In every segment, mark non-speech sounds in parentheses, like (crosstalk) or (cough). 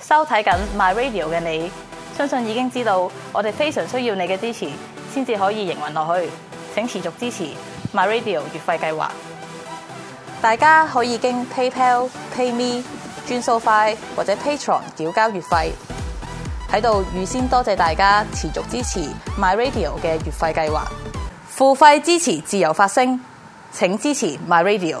收睇緊 My Radio 嘅你，相信已經知道我哋非常需要你嘅支持，先至可以營運落去。請持續支持 My Radio 月費計劃。大家可以經 PayPal、PayMe、轉數快或者 Patreon 繳交月費。喺度預先多謝大家持續支持 My Radio 嘅月費計劃，付費支持自由發聲。請支持 My Radio。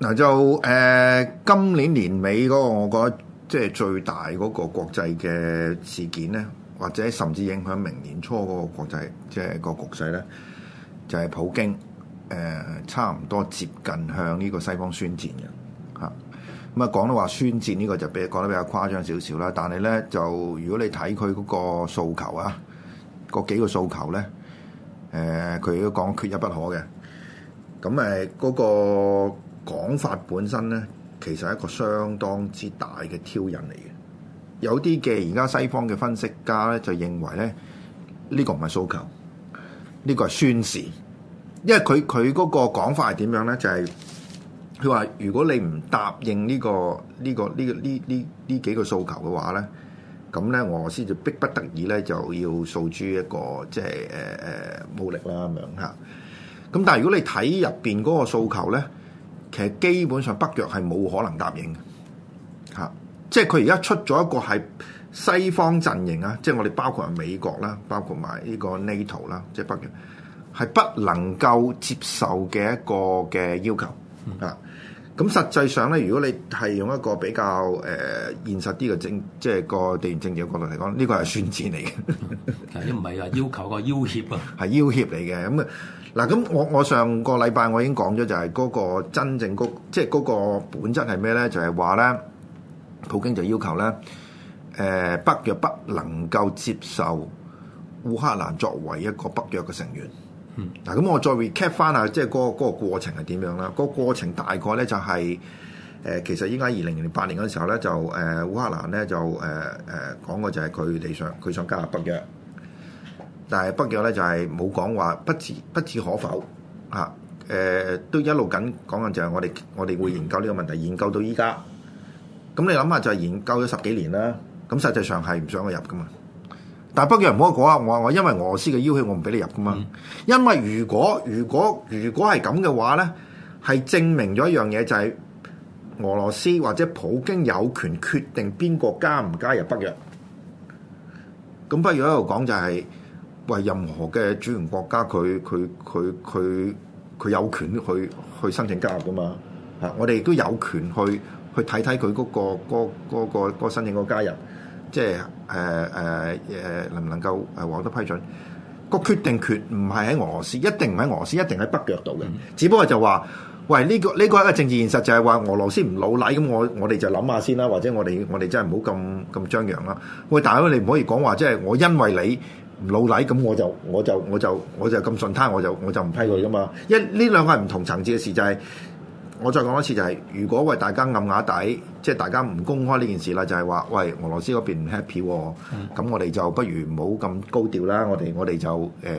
嗱、啊、就誒、呃、今年年尾嗰個，我覺得即係最大嗰個國際嘅事件咧，或者甚至影響明年初嗰個國際即係個局勢咧，就係、是、普京誒、呃、差唔多接近向呢個西方宣戰嘅嚇。咁啊、嗯、講到話宣戰呢個就比較講得比較誇張少少啦。但係咧就如果你睇佢嗰個訴求啊，嗰幾個訴求咧，誒佢都講缺一不可嘅。咁誒嗰個。講法本身咧，其實係一個相當之大嘅挑釁嚟嘅。有啲嘅而家西方嘅分析家咧，就認為咧呢、這個唔係訴求，呢、這個係宣示。因為佢佢嗰個講法係點樣咧？就係佢話，如果你唔答應呢、這個呢、這個呢、這個呢呢呢幾個訴求嘅話咧，咁咧俄羅斯就迫不得已咧就要訴諸一個即係誒誒武力啦咁樣嚇。咁但係如果你睇入邊嗰個訴求咧？其實基本上北約係冇可能答應嘅，嚇、啊！即係佢而家出咗一個係西方陣營啊，即係我哋包括係美國啦，包括埋呢個 NATO 啦，即係北約係不能夠接受嘅一個嘅要求、嗯、啊！咁實際上咧，如果你係用一個比較誒、呃、現實啲嘅政，即係個地緣政治嘅角度嚟講，呢個係宣戰嚟嘅，係唔係啊？要求個要脅，啊、嗯，係要脅嚟嘅咁啊！嗱咁，我我上個禮拜我已經講咗，就係嗰個真正即係嗰個本質係咩咧？就係話咧，普京就要求咧，誒、呃、北約不能夠接受烏克蘭作為一個北約嘅成員。嗱咁、嗯，啊、我再 recap 翻下、嗰個，即係嗰個嗰個過程係點樣啦？個過程大概咧就係、是、誒、呃，其實應該二零零八年嗰時候咧，就誒、呃、烏克蘭咧就誒誒、呃呃、講過就係佢理想，佢想加入北約。但係北約咧就係冇講話不置不置可否嚇，誒、呃、都一路緊講緊就係我哋我哋會研究呢個問題，研究到依家。咁、嗯嗯、你諗下就係研究咗十幾年啦，咁實際上係唔想佢入噶嘛？但係北約唔好講啊，我話我因為俄羅斯嘅要求，我唔俾你入噶嘛。因為如果如果如果係咁嘅話咧，係證明咗一樣嘢，就是，就係俄羅斯或者普京有權決定邊個加唔加入北約。咁、嗯、北約一路講就係、是。為任何嘅主權國家，佢佢佢佢佢有權去去申請加入噶嘛？啊，我哋都有權去去睇睇佢嗰個個個申請個加入，即係誒誒誒，能唔能夠誒獲得批准？個決定權唔係喺俄羅斯，一定唔喺俄羅斯，一定喺北約度嘅。只不過就話，喂，呢個呢個一個政治現實就係話俄羅斯唔老禮，咁我我哋就諗下先啦、啊，或者我哋我哋真係唔好咁咁張揚啦。喂，大佬你唔可以講話，即係我因為你。唔老禮，咁我就我就我就我就咁順他，我就我就唔批佢噶嘛。因呢兩個係唔同層次嘅事，就係、是、我再講多次、就是，就係如果喂大家暗啞底，即、就、係、是、大家唔公開呢件事啦，就係、是、話喂俄羅斯嗰邊唔 happy，咁、啊嗯、我哋就不如唔好咁高調啦。我哋我哋就誒誒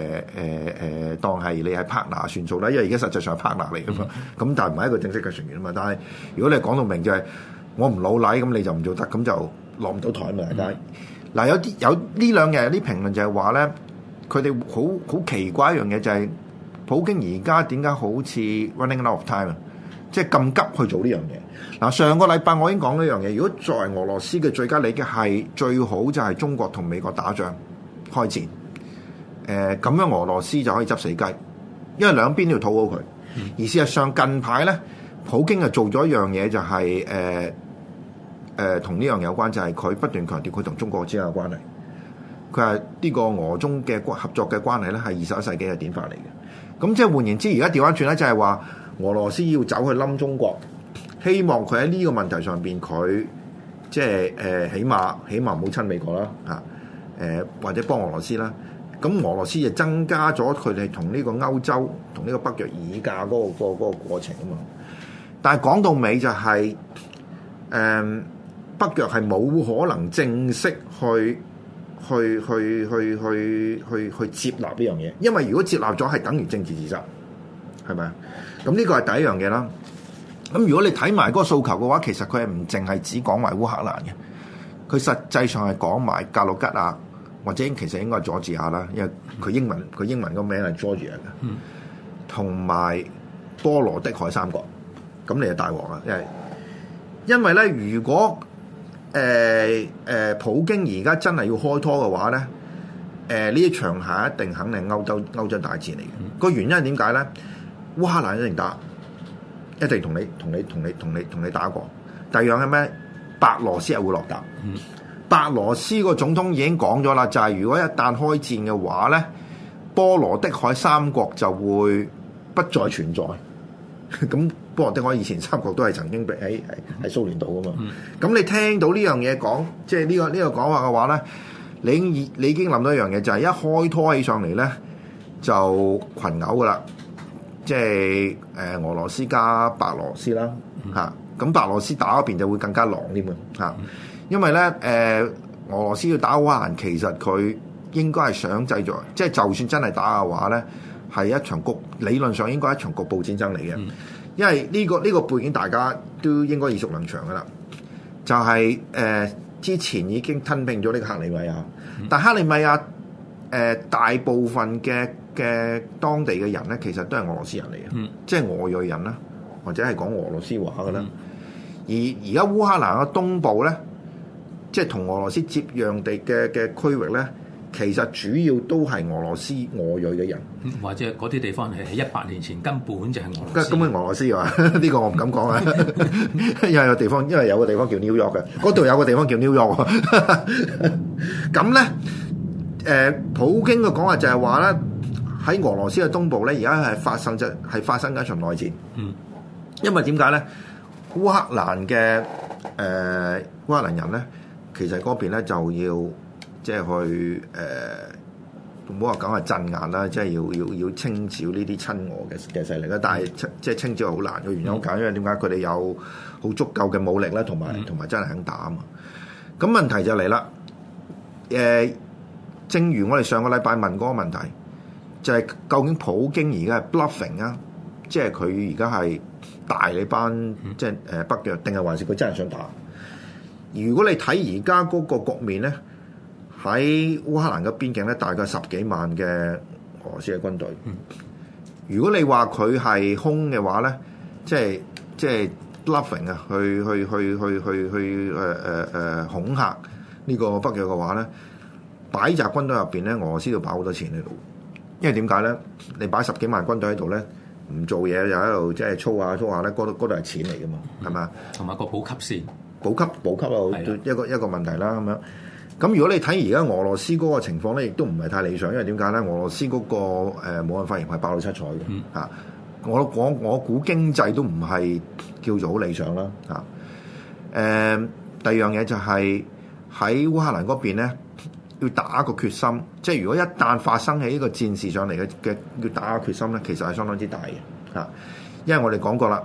誒當係你係 partner 算數啦，因為而家實際上係 partner 嚟噶嘛。咁、嗯、但係唔係一個正式嘅成員啊嘛。但係如果你講到明就係、是、我唔老禮，咁你就唔做得，咁就落唔到台啊嘛，大家。嗱、啊、有啲有呢兩日有啲評論就係話咧，佢哋好好奇怪一樣嘢就係、是、普京而家點解好似 running out of time 啊，即係咁急去做呢樣嘢。嗱，上個禮拜我已經講呢樣嘢，如果作為俄羅斯嘅最佳利益係最好就係中國同美國打仗開戰，誒、呃、咁樣俄羅斯就可以執死雞，因為兩邊都要討好佢。嗯、而事實上近排咧，普京做就做咗一樣嘢就係誒。呃誒同呢樣有關就係、是、佢不斷強調佢同中國之間嘅關係。佢話呢個俄中嘅關合作嘅關係咧，係二十一世紀嘅典範嚟嘅。咁即係換言之，而家調翻轉咧，就係話俄羅斯要走去冧中國，希望佢喺呢個問題上邊，佢即係誒、呃、起碼起碼冇親美國啦，啊、呃、誒或者幫俄羅斯啦。咁俄羅斯就增加咗佢哋同呢個歐洲同呢個北約議價嗰、嗰個、嗰個嗰過程啊嘛。但係講到尾就係、是、誒。呃北約係冇可能正式去去去去去去去，去接納呢樣嘢，因為如果接納咗，係等於政治自殺，係咪啊？咁、嗯、呢、這個係第一樣嘢啦。咁、嗯、如果你睇埋嗰個訴求嘅話，其實佢係唔淨係只講埋烏克蘭嘅，佢實際上係講埋格魯吉亞或者其實應該係佐治亞啦，因為佢英文佢英文個名係 Georgia 嘅、嗯，同埋波羅的海三國。咁你就大鑊啦，因為因為咧，如果誒誒、呃呃，普京而家真係要開拖嘅話咧，誒呢一場下一定肯定歐洲歐洲大戰嚟嘅。個、嗯、原因係點解咧？烏克蘭一定打，一定同你同你同你同你同你同你打過。第二樣係咩？白羅斯又會落打。白、嗯、羅斯個總統已經講咗啦，就係、是、如果一旦開戰嘅話咧，波羅的海三國就會不再存在。咁，不過我我以前三國都係曾經喺喺蘇聯度噶嘛。咁 (music) 你聽到呢樣嘢講，即係呢、呢個呢、呢個講法嘅話咧，你已你已經諗到一樣嘢，就係、是、一開拖起上嚟咧，就群毆噶啦。即係誒、呃、俄羅斯加白羅斯啦嚇，咁、 (music) 啊、白羅斯打嗰邊就會更加狼啲嘛。嚇、啊，因為咧誒、呃、俄羅斯要打烏克蘭，其實佢應該係想製造，即係就算真係打嘅話咧。係一場局，理論上應該係一場局部戰爭嚟嘅，嗯、因為呢、呢個呢、呢個背景大家都應該耳熟能詳噶啦。就係、是、誒、呃、之前已經吞併咗呢個克里米亞，嗯、但克里米亞誒、呃、大部分嘅嘅當地嘅人咧，其實都係俄羅斯人嚟嘅，嗯、即係俄裔人啦，或者係講俄羅斯話嘅啦。嗯、而而家烏克蘭嘅東部咧，即係同俄羅斯接壤地嘅嘅區域咧。其實主要都係俄羅斯俄裔嘅人，或者嗰啲地方係一百年前根本就係俄羅斯。根本俄羅斯㗎？呢 (laughs) 個我唔敢講啦。 (laughs) (laughs) 有個地方，因為有個地方叫 New York 嘅，嗰度 (laughs) 有個地方叫 New York。咁 (laughs) 咧，誒、呃，普京嘅講話就係話咧，喺俄羅斯嘅東部咧，而家係發生咗，係發生緊一場內戰。嗯，因為點解咧？烏克蘭嘅誒烏克蘭人咧，其實嗰邊咧就要。即係去誒，唔好話講係鎮壓啦，即係要要要清剿呢啲親俄嘅嘅勢力啦。但係清即係清剿好難，個原因好簡單，mm hmm. 因為點解佢哋有好足夠嘅武力咧，同埋同埋真係肯打啊嘛。咁問題就嚟啦，誒、呃，正如我哋上個禮拜問嗰個問題，就係、是、究竟普京而家係 bluffing 啊，即係佢而家係大你班即係誒北約，定係還是佢真係想打？如果你睇而家嗰個局面咧？喺烏克蘭嘅邊境咧，大概十幾萬嘅俄羅斯嘅軍隊。如果你 es，話佢係空嘅話咧，即係即係拉揈啊，去去去去去去誒誒恐嚇呢個北約嘅話咧，擺紮軍隊入邊咧，俄羅斯要擺好多錢喺度，因為點解咧？你擺十幾萬軍隊喺度咧，唔做嘢又喺度即係操下操下咧，嗰度嗰度係錢嚟㗎嘛，係咪、嗯？同埋吧個補給線補給，補給補給啊，一個一個問題啦，咁樣。 咁如果你睇而家俄羅斯嗰個情況咧，亦都唔係太理想，因為點解咧？俄羅斯嗰個誒武漢肺炎係爆到七彩嘅嚇、嗯，我講我估經濟都唔係叫做好理想啦嚇。誒、嗯、第二樣嘢就係喺烏克蘭嗰邊咧，要打個決心，即係如果一旦發生喺呢個戰事上嚟嘅嘅要打個決心咧，其實係相當之大嘅嚇、嗯，因為我哋講過啦，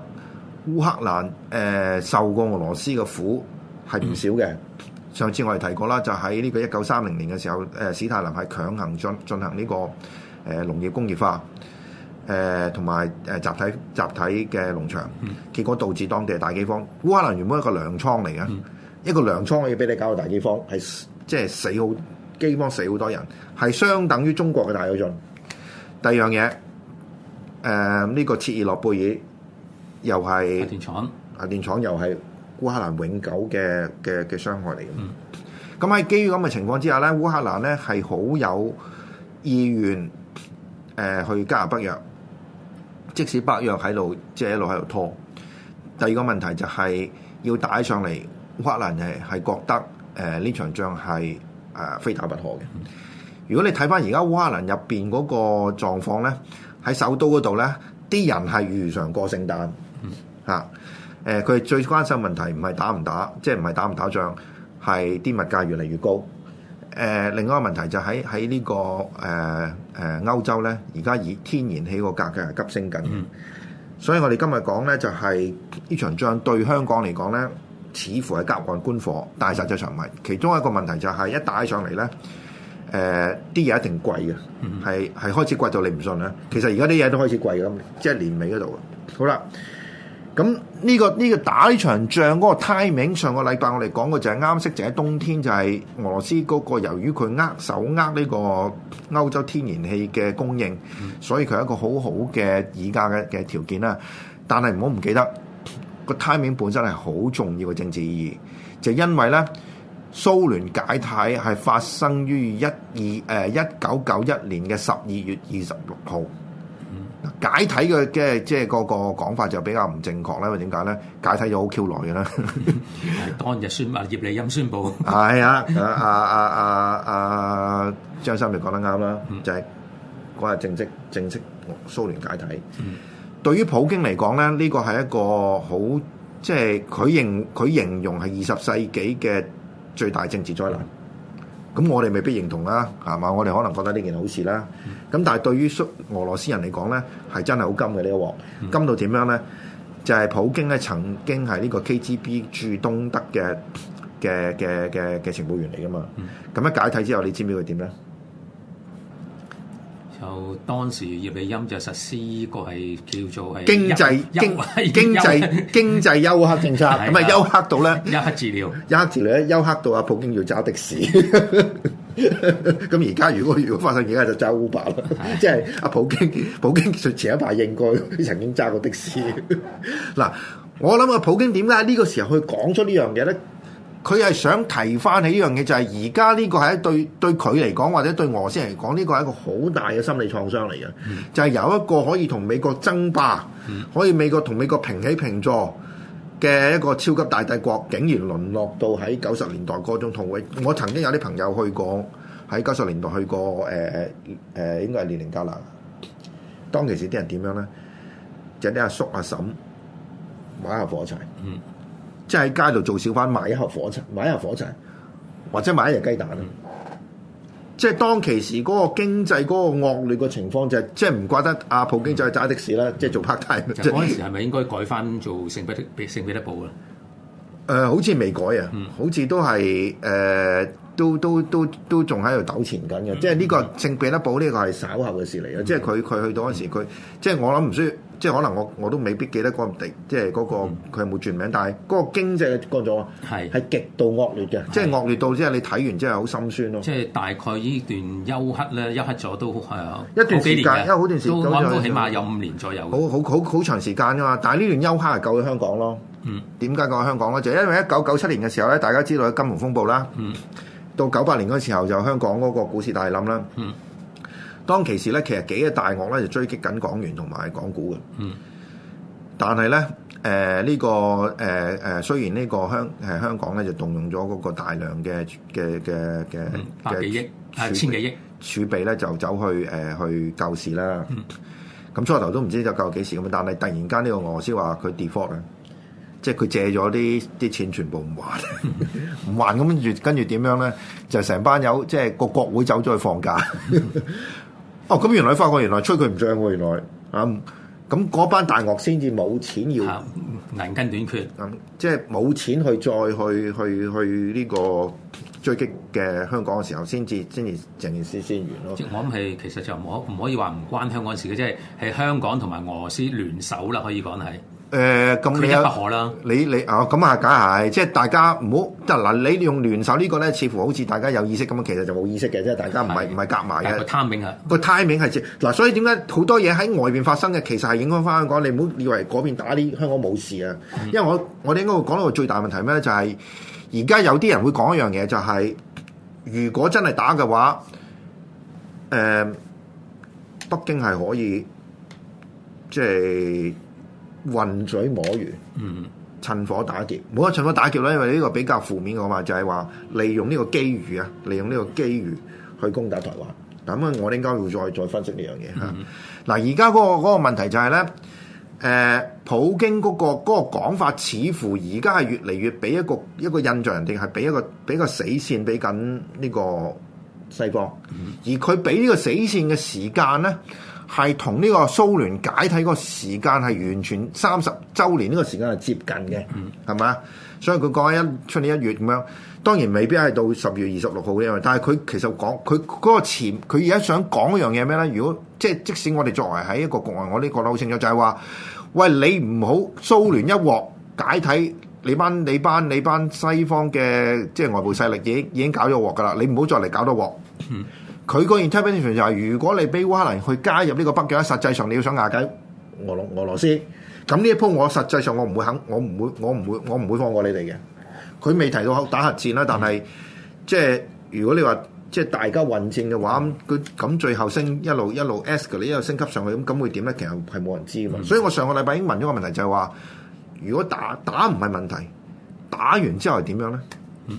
烏克蘭誒、呃、受過俄羅斯嘅苦係唔少嘅。嗯上次我哋提過啦，就喺呢個一九三零年嘅時候，誒史太林係強行進進行呢個誒農業工業化，誒同埋誒集體集體嘅農場，結果導致當地大饑荒。烏克蘭原本一個糧倉嚟嘅，嗯、一個糧倉可以俾你搞到大饑荒，係即係死好饑荒死好多人，係相等於中國嘅大躍進。第二樣嘢，誒、呃、呢、呢個切爾諾貝爾又係電廠啊，電廠又係。烏克蘭永久嘅嘅嘅傷害嚟嘅，咁喺、嗯、基於咁嘅情況之下咧，烏克蘭咧係好有意願誒、呃、去加入北約，即使北約喺度，即、就、係、是、一路喺度拖。第二個問題就係、是、要打上嚟，烏克蘭係係覺得誒呢、呃、場仗係誒、呃、非打不可嘅。如果你睇翻而家烏克蘭入邊嗰個狀況咧，喺首都嗰度咧，啲人係如常過聖誕，吓、嗯。啊誒佢最關心問題唔係打唔打，即係唔係打唔打仗，係啲物價越嚟越高。誒、呃、另外一個問題就喺喺呢個誒誒、呃呃、歐洲咧，而家以天然氣個價格係急升緊。嗯、所以我哋今日講咧就係呢場仗對香港嚟講咧，似乎係隔岸觀火，但係實際上唔係。嗯、其中一個問題就係一打起上嚟咧，誒啲嘢一定貴嘅，係係、嗯、開始貴到你唔信啦。其實而家啲嘢都開始貴咁，即、就、係、是、年尾嗰度。好啦。好。咁呢個呢個打呢場仗嗰個 timing，上個禮拜我哋講過就係啱適，就喺冬天，就係俄羅斯嗰個由於佢握手握呢個歐洲天然氣嘅供應，所以佢係一個好好嘅議價嘅嘅條件啦。但係唔好唔記得個 timing 本身係好重要嘅政治意義，就是、因為咧蘇聯解體係發生於一二誒一九九一年嘅十二月二十六號。解體嘅即係即係個個講法就比較唔正確啦，因為點解咧？解體咗好 Q 耐嘅啦。當日就宣葉利欽宣布。係啊，阿阿阿阿張三、嗯、就講得啱啦，就係嗰日正式正式蘇聯解體。嗯、對於普京嚟講咧，呢個係一個好即係佢形佢形容係二十世紀嘅最大政治災難。嗯咁我哋未必認同啦，係嘛？我哋可能覺得呢件事好事啦。咁、嗯、但係對於俄羅斯人嚟講咧，係真係好金嘅呢個鑊，金到點樣咧？就係、是、普京咧曾經係呢個 KGB 駐東德嘅嘅嘅嘅嘅情報員嚟噶嘛？咁、嗯、一解體之後，你知唔知佢點咧？就當時葉利欽就實施個係叫做係經濟經經濟經濟休克政策，咁啊 (laughs) 對 休克到咧休，休克治療，休克治療咧休克到阿普京要揸的士。咁而家如果如果發生而家就揸 Uber 啦， (laughs) (laughs) 即係阿普京普京前一排應該曾經揸過的士，嗱 (laughs) 我諗啊，普京點解呢個時候去講出呢樣嘢咧？佢係想提翻起呢樣嘢，就係而家呢個係一對對佢嚟講，或者對俄羅斯嚟講，呢個係一個好大嘅心理創傷嚟嘅。嗯、就係有一個可以同美國爭霸，可以美國同美國平起平坐嘅一個超級大帝國，竟然淪落到喺九十年代嗰種痛。我曾經有啲朋友去過，喺九十年代去過，誒誒誒，應該係年連加啦。當其時啲人點樣咧？就啲、是、阿叔阿嬸玩下火柴。嗯即係喺街度做小販，賣一盒火柴，賣一盒火柴，或者賣一隻雞蛋。即係當其時嗰個經濟嗰個惡劣嘅情況，就係即係唔怪得阿普京就去揸的士啦，即係做跑街。嗰陣時係咪應該改翻做聖彼得聖彼得堡啊？誒，好似未改啊，好似都係誒，都都都都仲喺度糾纏緊嘅。即係呢個聖彼得堡呢個係稍後嘅事嚟嘅。即係佢佢去到嗰時，佢即係我諗唔需要。即係可能我我都未必記得嗰，那個地，即係嗰，那個佢係冇全名，但係嗰個經濟嘅過咗，係係極度惡劣嘅，是即係惡劣到即係你睇完之後好心酸咯，啊。即，就，係，是，大概呢段休克咧，休克咗都係啊，呃、一段時間，因為好段時間起碼有五年左右，年左右好，好好好好長時間啊嘛。但係呢段休克係救咗香港咯。點解，嗯，救香港咧？就因為一九九七年嘅時候咧，大家知道金融風暴啦，嗯、到九八年嗰時候就香港嗰個股市大冧啦。嗯當其時咧，其實幾個大鱷咧就追擊緊港元同埋港股嘅。嗯。但係咧，誒、呃、呢、這個誒誒、呃，雖然呢個香誒香港咧就動用咗嗰個大量嘅嘅嘅嘅嘅幾億，千幾億儲備咧就走去誒、呃、去救市啦。咁、嗯、初頭都唔知就救幾時咁，但係突然間呢個俄羅斯話佢 default 啊，即係佢借咗啲啲錢全部唔還，唔、嗯、 (laughs) 還咁跟住跟住點樣咧？就成班友，即係個國會走咗去放假。 (laughs) 哦，咁原來發覺原來吹佢唔漲喎，原來啊，咁嗰、嗯、班大鱷先至冇錢要銀根短缺，咁、嗯、即係冇錢去再去去去呢個追擊嘅香港嘅時候，先至先至成件事先完咯。即我諗係其實就唔可唔可以話唔關香港事嘅，即係係香港同埋俄羅斯聯手啦，可以講係。誒咁、呃、你不可啦，你你啊咁啊，梗、哦、係即係大家唔好即嗱，你用聯手呢個咧，似乎好似大家有意識咁樣，其實就冇意識嘅，即係大家唔係唔係夾埋嘅。的個 timing 係個 timing 係嗱，所以點解好多嘢喺外邊發生嘅，其實係影響翻香港？你唔好以為嗰邊打啲香港冇事啊，因為我我哋應該會講到個最大問題咩咧？就係而家有啲人會講一樣嘢，就係、是、如果真係打嘅話，誒、呃、北京係可以即係。混水摸魚，嗯，趁火打劫，冇得趁火打劫啦，因為呢個比較負面嘅話，就係話利用呢個機遇啊，利用呢個機遇去攻打台灣。咁啊、嗯，我哋應該會再再分析呢樣嘢嚇。嗱、嗯，而家嗰個嗰個問題就係咧，誒、呃，普京嗰個嗰個講法，似乎而家係越嚟越俾一個一個印象，人哋係俾一個俾個死線俾緊呢個西方，嗯嗯、而佢俾呢個死線嘅時間咧。係同呢個蘇聯解體嗰個時間係完全三十週年呢個時間係接近嘅，係咪、嗯？所以佢講一出年一月，咁樣，當然未必係到十月二十六號嘅，但係佢其實講佢嗰個前，佢而家想講一樣嘢咩咧？如果即係即使我哋作為喺一個國外，我呢覺得好清楚，就係、是、話：喂，你唔好蘇聯一鑊解體你、嗯你，你班你班你班西方嘅即係外部勢力已經已經搞咗鑊㗎啦，你唔好再嚟搞多鑊。嗯佢嗰個 intervention 就係如果你俾烏克蘭去加入呢個北約，喺實際上你要想瓦解俄羅俄羅斯，咁呢一波我實際上我唔會肯，我唔會我唔會我唔會放過你哋嘅。佢未提到打核戰啦，但係、嗯、即係如果你話即係大家混戰嘅話，咁咁、嗯、最後升一路一路 escalate 你一路升級上去，咁咁會點咧？其實係冇人知嘅。嗯、所以我上個禮拜已經問咗個問題，就係、是、話如果打打唔係問題，打完之後點樣咧？嚇、嗯！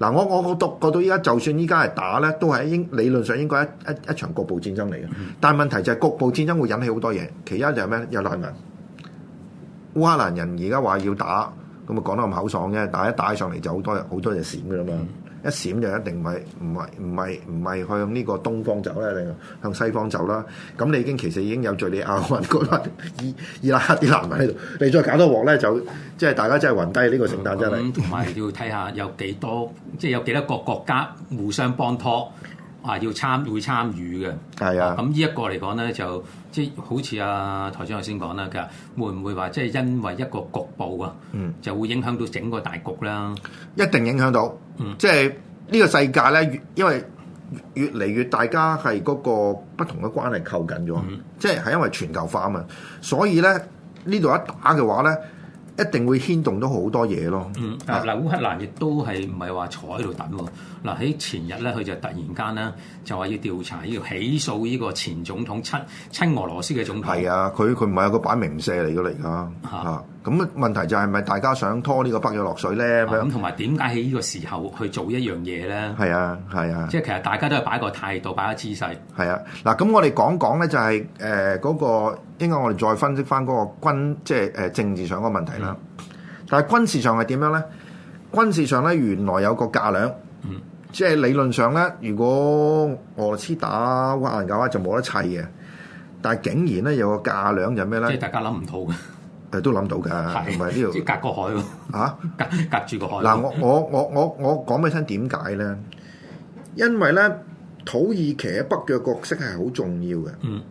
嗱，我我我讀過到依家，就算依家係打咧，都係應理論上應該一一一場局部戰爭嚟嘅。但係問題就係局部戰爭會引起好多嘢，其一就係咩？有內民。烏克蘭人而家話要打，咁啊講得咁口爽啫，但係一打上嚟就好多好多嘢閃㗎啦嘛。嗯一閃就一定唔係唔係唔係唔係向呢個東方走咧，定向西方走啦？咁你已經其實已經有敍利亞混過啦，伊 (laughs) 伊拉克啲難民喺度，你再搞多鑊咧就即係大家真係暈低呢個聖誕真係。同埋要睇下有幾多， (laughs) 即係有幾多個國家互相幫拖。啊！要參會參與嘅，係是的 啊，咁呢一個嚟講咧，就即係好似阿、啊、台長頭先講啦，其實會唔會話即係因為一個局部啊，嗯、就會影響到整個大局啦？一定影響到，嗯，即係呢個世界咧，越因為越嚟越大家係嗰個不同嘅關係靠近咗，嗯、即係係因為全球化啊嘛，所以咧呢度一打嘅話咧。一定會牽動到好多嘢咯。嗯，嗱、啊，是烏克蘭亦都係唔係話坐喺度等喎？嗱、啊，喺前日咧，佢就突然間咧就話要調查，要起訴呢個前總統親親俄羅斯嘅總統。係、嗯、啊，佢佢唔係有個擺名射嚟嘅嚟㗎。啊。咁問題就係咪大家想拖呢個北約落水咧？咁同埋點解喺呢個時候去做一樣嘢咧？係啊，係啊。即係其實大家都係擺個態度，擺一個姿勢。係啊。嗱、就是，咁、呃那個、我哋講講咧，就係誒嗰個應該我哋再分析翻嗰個軍，即係誒政治上嗰個問題啦。嗯、但係軍事上係點樣咧？軍事上咧，原來有個架梁，嗯、即係理論上咧，如果俄羅斯打烏克蘭嘅話就冇得砌嘅。但係竟然咧有個架梁就係咩咧？即係大家諗唔到嘅。誒，都諗到噶，同埋呢度隔個海咯。吓，隔隔住個海。嗱，我我我我我講俾你聽，點解咧？因為咧，土耳其喺北約嘅角色係好重要嘅。嗯，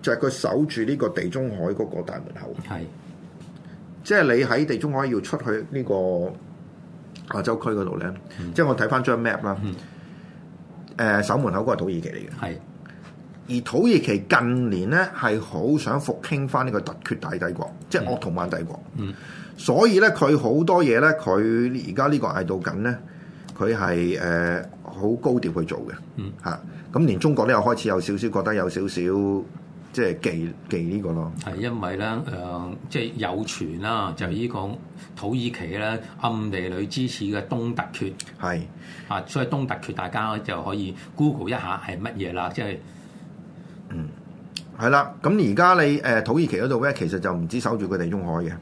就係佢守住呢個地中海嗰個大門口。係、嗯，即係你喺地中海要出去呢個亞洲區嗰度咧，嗯、即係我睇翻張 map 啦。誒、嗯，守門口係土耳其嚟嘅。係。而土耳其近年咧係好想復興翻呢個突厥大帝國，即係鄂圖曼帝國。嗯，所以咧佢好多嘢咧，佢而家呢個嗌到緊咧，佢係誒好高調去做嘅。嗯，嚇，咁連中國咧又開始有少少覺得有少少即係忌忌呢個咯。係因為咧誒，即、呃、係、就是、有傳啦、啊，就呢、是、個土耳其咧暗地裏支持嘅東突厥。係是啊，所以東突厥大家就可以 Google 一下係乜嘢啦，即係。嗯，係啦，咁而家你誒土耳其嗰度咧，其實就唔止守住佢地中海嘅，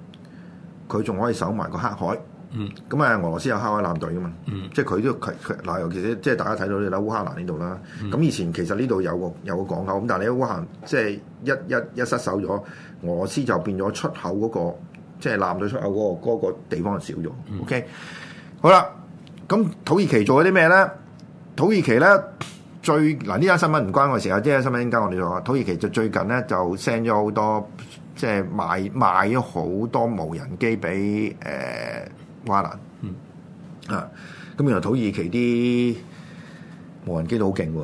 佢仲可以守埋個黑海。嗯，咁啊、嗯，嗯、俄羅斯有黑海艦隊嘅嘛，嗯，即係佢都佢佢嗱，尤其是即係大家睇到你睇烏克蘭呢度啦。咁、嗯、以前其實呢度有個有個港口，咁但係你喺烏克蘭即係一一一失守咗，俄羅斯就變咗出口嗰、嗰個即係艦隊出口嗰、嗰個、嗰個地方就少咗。嗯、o、okay? K，好啦，咁土耳其做咗啲咩咧？土耳其咧？最嗱呢單新聞唔關我事啊！即係新聞應該我哋就話，土耳其就最近咧就 send 咗好多即係賣賣咗好多無人機俾誒烏克蘭，呃嗯、啊！咁原來土耳其啲無人機都好勁喎。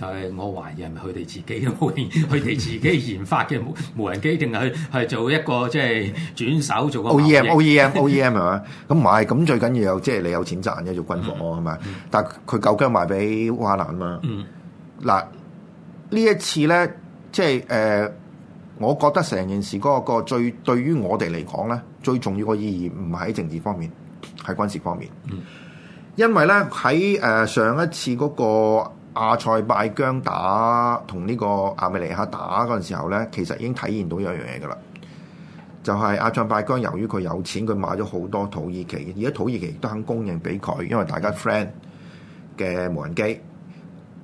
但係我懷疑係咪佢哋自己佢哋 (laughs) 自己研發嘅無人機，定係係做一個即係轉手做個 OEM，OEM，OEM 係嘛？咁唔係，咁最緊要有即係你有錢賺啫，做、就是、軍火啊係嘛？但佢夠薑賣俾烏克蘭啊嘛。嗱呢一次咧，即係誒、呃，我覺得成件事嗰個最對於我哋嚟講咧，最重要個意義唔係喺政治方面，係軍事方面。嗯、因為咧喺誒上一次嗰、那個，阿塞拜疆打同呢個亞美尼亞打嗰陣時候咧，其實已經體現到一樣嘢嘅啦，就係阿塞拜疆由於佢有錢，佢買咗好多土耳其，而家土耳其都肯供應俾佢，因為大家 friend 嘅無人機。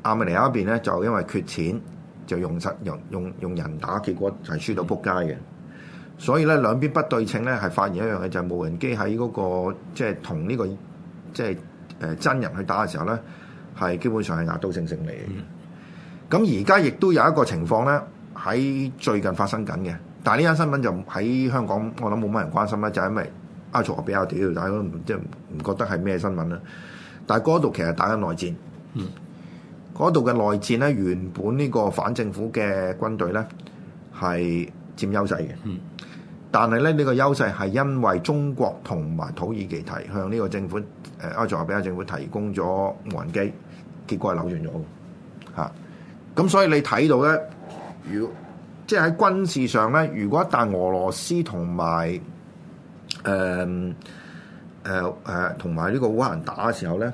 亞美尼亞嗰邊咧就因為缺錢，就用實用用用人打，結果係輸到撲街嘅。所以咧兩邊不對稱咧，係發現一樣嘢就係無人機喺嗰個即係同呢個即係誒真人去打嘅時候咧。係基本上係壓倒性勝利。咁而家亦都有一個情況咧，喺最近發生緊嘅。但係呢單新聞就喺香港，我諗冇乜人關心啦，就係、因為阿塞拜疆屌，大家都唔即係唔覺得係咩新聞啦。但係嗰度其實打緊內戰。嗰度嘅內戰咧，原本呢個反政府嘅軍隊咧係佔優勢嘅。嗯、但係咧呢、呢個優勢係因為中國同埋土耳其提向呢個政府，誒阿塞拜疆政府提供咗無人機。結果係扭轉咗嘅，咁、啊、所以你睇到咧，如即係喺軍事上咧，如果一旦俄羅斯同埋誒誒誒同埋呢個烏克蘭打嘅時候咧，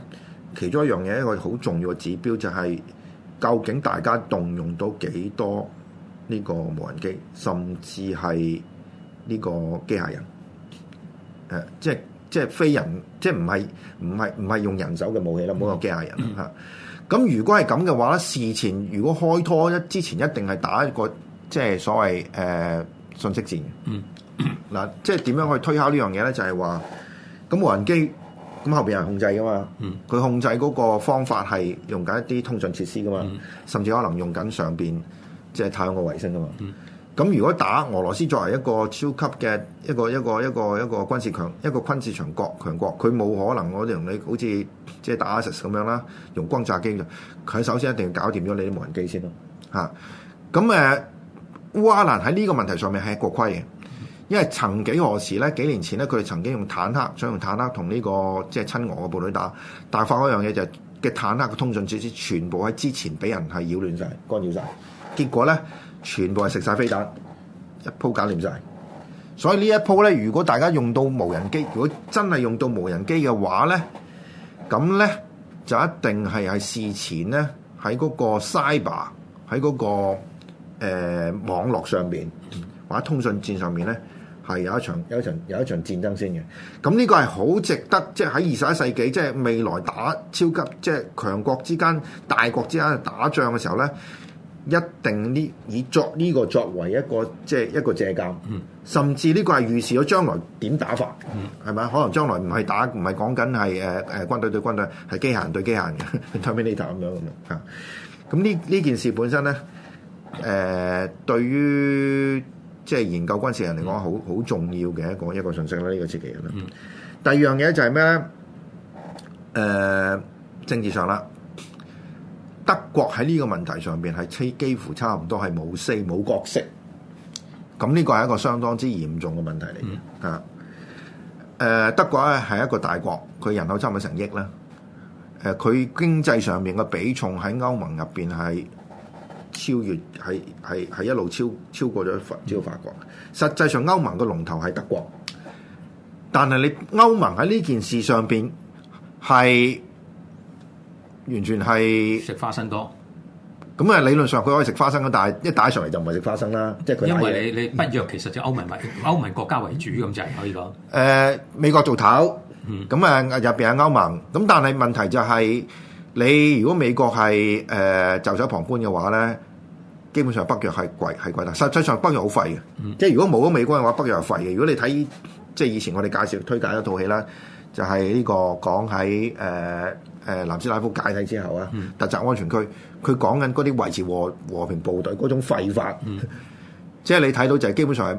其中一樣嘢一個好重要嘅指標就係、是、究竟大家動用到幾多呢個無人機，甚至係呢個機械人，誒、啊，即係即係非人，即係唔係唔係唔係用人手嘅武器啦，冇個機械人嚇。嗯嗯咁如果係咁嘅話咧，事前如果開拖一之前一定係打一個即係所謂誒、呃、信息戰嘅。嗱、嗯，嗯、即係點樣去推敲呢樣嘢咧？就係、是、話，咁無人機咁後邊人控制噶嘛，佢、嗯、控制嗰個方法係用緊一啲通訊設施噶嘛，嗯、甚至可能用緊上邊即係太空嘅衛星噶嘛。嗯嗯咁如果打俄羅斯作為一個超級嘅一個一個一個一個軍事強一個軍事強國強國，佢冇可能我哋同你好似即係打 ISIS 咁樣啦，用轟炸機嘅，佢首先一定要搞掂咗你啲無人機先咯嚇、嗯啊。咁誒，烏克蘭喺呢個問題上面係一個虧嘅，因為曾幾何時咧，幾年前咧，佢哋曾經用坦克想用坦克同呢、這個即係親俄嘅部隊打，但係發一樣嘢就係、是、嘅坦克嘅通訊設施全部喺之前俾人係擾亂晒、干擾晒。結果咧。全部係食晒飛彈，一鋪搞掂晒。所以一呢一鋪咧，如果大家用到無人機，如果真係用到無人機嘅話咧，咁咧就一定係喺事前咧喺嗰個 cyber 喺嗰、嗰個誒、呃、網絡上面或者通訊戰上面咧係有一場有一場有一場戰爭先嘅。咁呢個係好值得，即係喺二十一世紀，即、就、係、是、未來打超級即係、就是、強國之間、大國之間打仗嘅時候咧。一定呢以作呢個作為一個即係一個借鑑，嗯、甚至呢個係預示咗將來點打法，係咪、嗯、可能將來唔係打，唔係講緊係誒誒軍隊對軍隊，係機械人對機械人嘅 computer game 咁樣，咁咁呢，呢件事本身咧，誒、呃、對於即係研究軍事人嚟講，好好重要嘅一個一個信息啦，呢個設計人。第二樣嘢就係咩咧？誒政治上啦。德國喺呢個問題上邊係差幾乎差唔多係冇四冇角色，咁呢個係一個相當之嚴重嘅問題嚟嘅。誒、嗯啊，德國咧係一個大國，佢人口差唔多成億啦。誒、啊，佢經濟上面嘅比重喺歐盟入邊係超越，係係係一路超超過咗法超過法國。嗯、實際上歐盟嘅龍頭係德國，但係你歐盟喺呢件事上邊係。完全係食花生多，咁，啊、嗯、理論上佢可以食花生噶，但係一打上嚟就唔係食花生啦。即係因為你你北約其實就歐盟為 (laughs) 歐盟國家為主咁就係可以講。誒、呃、美國做頭，咁啊入邊係歐盟，咁但係問題就係、是、你如果美國係誒、呃、袖手旁觀嘅話咧，基本上北約係貴係貴啦。實際上北約好廢嘅，嗯、即係如果冇咗美國嘅話，北約又廢嘅。如果你睇即係以前我哋介紹推介一套戲啦，就係、是、呢個講喺誒。呃呃呃誒南、呃、斯拉夫解體之後啊，嗯、特襲安全區，佢講緊嗰啲維持和和平部隊嗰種廢話，即係、嗯、你睇到就係基本上係，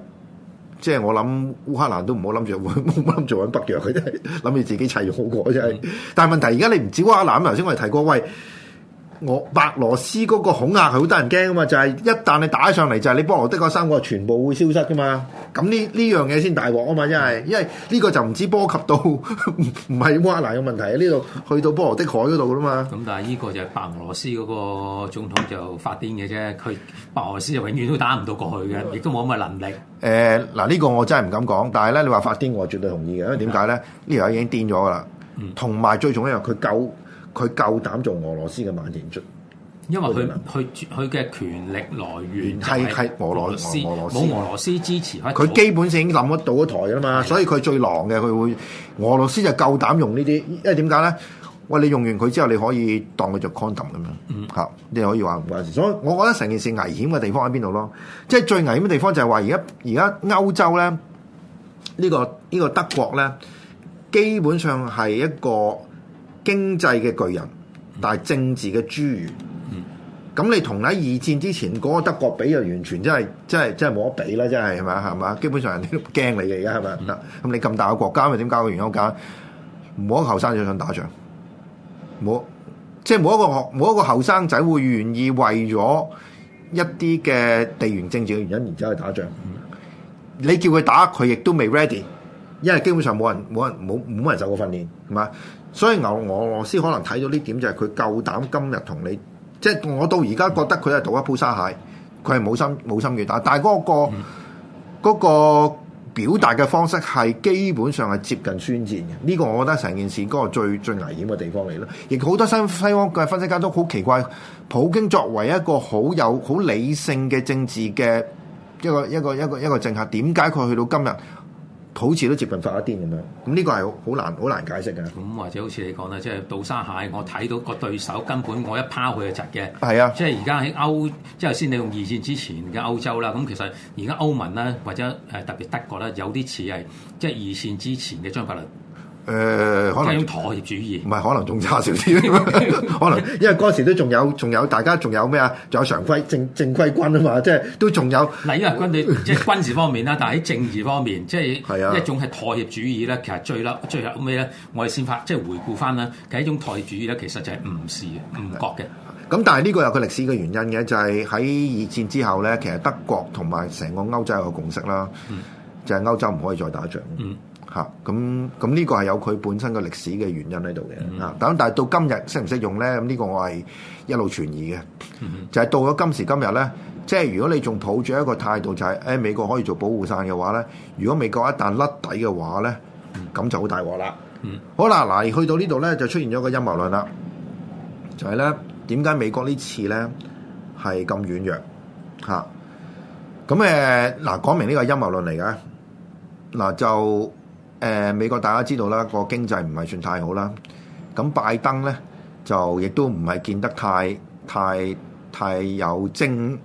即、就、係、是、我諗烏克蘭都唔好諗住揾，冇乜做住北約，佢真係諗住自己砌好過真係。嗯、但係問題而家你唔知烏克蘭，頭先我哋提過喂。我白俄羅斯嗰個恐嚇係好得人驚啊嘛，就係、是、一但你打上嚟就係你波羅的海三個全部會消失噶嘛，咁呢呢樣嘢先大鑊啊嘛，真係，因為呢個就唔止波及到唔係烏克蘭嘅問題呢度去到波羅的海嗰度啦嘛。咁、嗯、但係呢個就係白俄羅斯嗰個總統就發癲嘅啫，佢白俄羅斯就永遠都打唔到過去嘅，亦都冇咁嘅能力。誒嗱呢個我真係唔敢講，但係咧你話發癲我絕對同意嘅，因為點解咧？呢條、嗯、已經癲咗啦，同埋最重要佢夠。佢夠膽做俄羅斯嘅漫延出，因為佢佢佢嘅權力來源係係俄羅斯，俄羅斯冇俄，俄，俄羅斯支持，佢基本上已經諗得到嗰台啦嘛，的所以佢最狼嘅佢會俄羅斯就夠膽用呢啲，因為點解咧？喂，你用完佢之後，你可以當佢做 condom 咁樣，嗯，你可以話冇關事。所以我覺得成件事危險嘅地方喺邊度咯？即係最危險嘅地方就係話而家而家歐洲咧，呢、呢個呢、呢個德國咧，基本上係一個。經濟嘅巨人，但係政治嘅侏儒。咁、嗯、你同喺二戰之前嗰、那個德國比，就完全真係真係真係冇得比啦！真係係嘛係嘛，基本上人哋都驚你嘅而家係嘛唔得。咁、嗯、你咁大個國家，咪點搞個原因？冇一個後生仔想打仗，冇即係冇一個學冇一個後生仔會願意為咗一啲嘅地緣政治嘅原因而走去打仗。嗯、你叫佢打，佢亦都未 ready，因為基本上冇人冇人冇冇人受過訓練，係嘛？所以俄俄羅斯可能睇到呢點，就係佢夠膽今日同你，即係我到而家覺得佢係賭一鋪沙蟹，佢係冇心冇心願打，但係嗰個，嗯，嗰個表達嘅方式係基本上係接近宣戰嘅，呢個我覺得成件事嗰個最最危險嘅地方嚟咯。亦好多西西方嘅分析家都好奇怪，普京作為一個好有好理性嘅政治嘅一個一個一個一個，一個政客，點解佢去到今日？好似都接近發一癲咁樣，咁呢個係好難好難解釋嘅。咁或者好似你講啦，即係杜沙蟹，我睇到個對手根本我一拋佢就窒嘅。係啊，即係而家喺歐即係先你用二戰之前嘅歐洲啦，咁其實而家歐盟咧或者誒特別德國咧有啲似係即係二戰之前嘅張伯倫。誒、呃、可能係一種妥協主義，唔係可能仲差少啲，可能，點點 (laughs) 可能因為嗰時都仲有仲有大家仲有咩啊？仲有常規正正規軍啊嘛，即係都仲有嗱。因為軍隊即係軍事方面啦，但係喺政治方面，即係一種係妥協主義咧。其實最撻最後尾咧，我哋先發即係回顧翻啦。其實一種妥協主義咧，其實就係唔是嘅唔覺嘅。咁但係呢個有個歷史嘅原因嘅，就係喺二戰之後咧，其實德國同埋成個歐洲有個共識啦，嗯、就係歐洲唔可以再打仗。嗯嚇，咁咁呢個係有佢本身嘅歷史嘅原因喺度嘅，啊，咁、嗯嗯、但係到今日識唔識用咧？咁、這、呢個我係一路存疑嘅，嗯、就係到咗今時今日咧，即係如果你仲抱住一個態度就係、是，誒、哎、美國可以做保護傘嘅話咧，如果美國一旦甩底嘅話咧，咁、嗯、就、嗯、好大鑊啦。好啦，嗱去到呢度咧就出現咗個陰謀論啦，就係咧點解美國次呢次咧係咁軟弱？嚇、啊，咁誒嗱講明呢個陰謀論嚟嘅，嗱、啊、就。誒、呃、美國大家知道啦，個經濟唔係算太好啦。咁、啊、拜登咧就亦都唔係見得太太太有精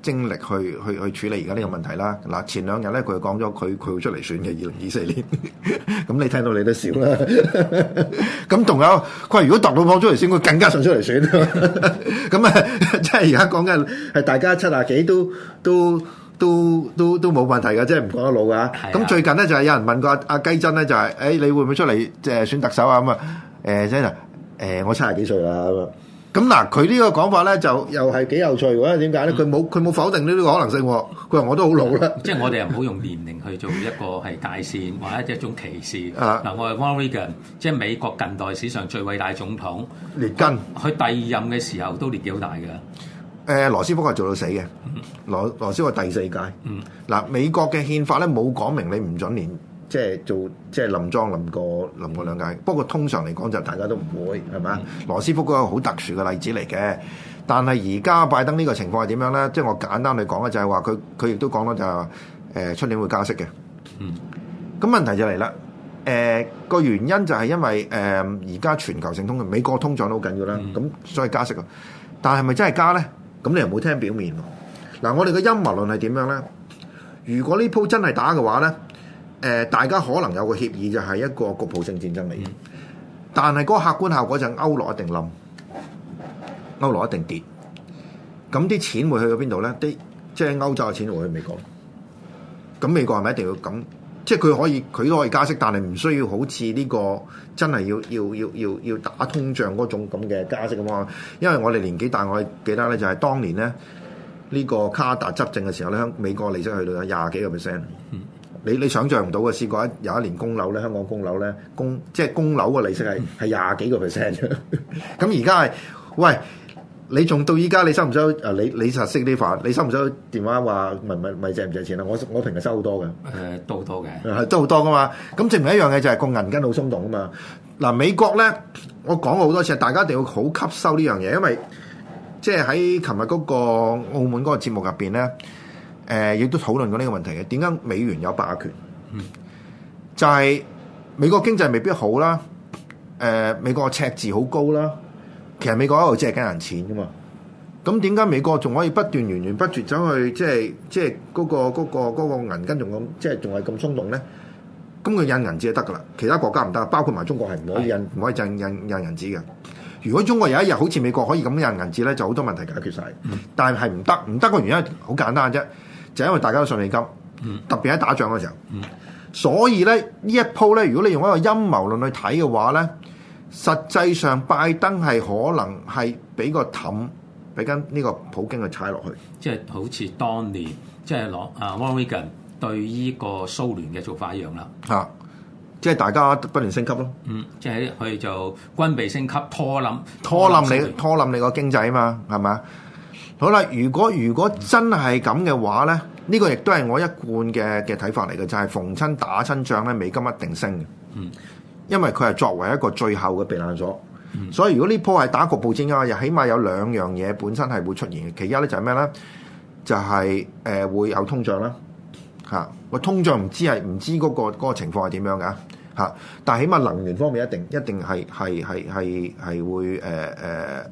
精力去去去處理而家呢個問題啦。嗱，前兩日咧佢講咗佢佢會出嚟選嘅二零二四年。咁 (laughs) 你聽到你都笑啦。 (laughs) (laughs) 咁仲有佢話如果特朗普出嚟選，佢更加想出嚟選。咁啊，即係而家講緊係大家七廿幾都都。都都都都冇問題嘅，即係唔講得老㗎、啊。咁 (noise) 最近咧就係、是、有人問過阿、啊、阿、啊、雞珍咧，就係、是、誒、哎、你會唔會出嚟即係選特首啊咁、哎哎、啊？誒、嗯，先生誒，我七廿幾歲啦咁啊。咁嗱，佢呢個講法咧就又係幾有趣喎？點解咧？佢冇佢冇否定呢個可能性喎、啊。佢話我都好老啦 (noise) 。即係我哋唔好用年齡去做一個係界線或者一種歧視。嗱、 (noise) 啊，我係 Warren，即係美國近代史上最偉大總統，列根，佢第二任嘅時候都年紀好大㗎。誒羅斯福係做到死嘅、嗯，羅羅斯福係第四屆。嗱、嗯、美國嘅憲法咧冇講明你唔準連即係做即係臨莊臨過臨過兩屆。嗯、不過通常嚟講就大家都唔會係咪？嗯、羅斯福嗰個好特殊嘅例子嚟嘅。但係而家拜登呢個情況係點樣咧？即、就、係、是、我簡單嚟講咧，就係話佢佢亦都講咗就係誒出年會加息嘅。咁、嗯、問題就嚟啦。誒、呃、個原因就係因為誒而家全球性通嘅美國通脹都好緊要啦。咁、嗯、所以加息呀。但係係咪真係加咧？咁你又冇聽表面喎？嗱，我哋嘅陰謀論係點樣咧？如果呢鋪真係打嘅話咧，誒、呃，大家可能有個協議就係一個局部性戰爭嚟，但係嗰個客觀效果就歐羅一定冧，歐羅一定跌，咁啲錢會去到邊度咧？啲即係歐洲嘅錢會去美國，咁美國係咪一定要咁？即係佢可以，佢都可以加息，但係唔需要好似呢個真係要要要要要打通脹嗰種咁嘅加息咁啊！因為我哋年紀大，我記得咧就係當年咧呢個卡達執政嘅時候咧，美國利息去到有廿幾個 percent，嗯、你你想象唔到嘅，試過有一年供樓咧，香港供樓咧供即係供樓嘅利息係係廿幾個 percent，咁而家係喂。你仲到依家，你收唔收？啊，你你實識呢啲飯，你收唔收電話話？咪唔唔，借唔借錢啊？我我平日收好多嘅，誒，都好多嘅，都好多噶嘛。咁證明一樣嘢就係個銀根好鬆動噶嘛。嗱、啊，美國咧，我講過好多次，大家一定要好吸收呢樣嘢，因為即係喺琴日嗰個澳門嗰個節目入邊咧，誒、呃、亦都討論過呢個問題嘅。點解美元有霸權？嗯，就係、是、美國經濟未必好啦，誒、呃，美國個赤字好高啦。其實美國一度淨係緊銀錢噶嘛，咁點解美國仲可以不斷源源不斷走去即係即係嗰、嗰個嗰、嗰個、嗰個銀根仲咁即係仲係咁鬆動咧？咁佢印銀紙就得噶啦，其他國家唔得，包括埋中國係唔可以印唔可以印可以印印銀紙嘅。如果中國有一日好似美國可以咁印銀紙咧，就好多問題解決晒。但係唔得，唔得個原因好簡單啫，就是、因為大家都信美金，特別喺打仗嘅時候。嗯、所以咧呢一鋪咧，如果你用一個陰謀論去睇嘅話咧。實際上，拜登係可能係俾個氹俾緊呢個普京去踩落去，即係好似當年即係攞啊 Reagan 對呢個蘇聯嘅做法一樣啦。嚇、啊！即係大家不斷升級咯。嗯，即係佢就軍備升級，拖冧拖冧你，拖冧你個經濟啊嘛，係嘛？好啦，如果如果真係咁嘅話咧，呢、這個亦都係我一貫嘅嘅睇法嚟嘅，就係、是、逢親打親仗咧，美金一定升嘅。嗯。因為佢係作為一個最後嘅避難所，嗯、所以如果呢波係打局部戰嘅話，又起碼有兩樣嘢本身係會出現嘅。其一咧就係咩咧？就係、係、誒、呃、會有通脹啦，嚇、啊！嗰通脹唔知係唔知嗰、嗰個嗰個情況係點樣嘅嚇、啊，但係起碼能源方面一定一定係係係係係會誒誒、呃，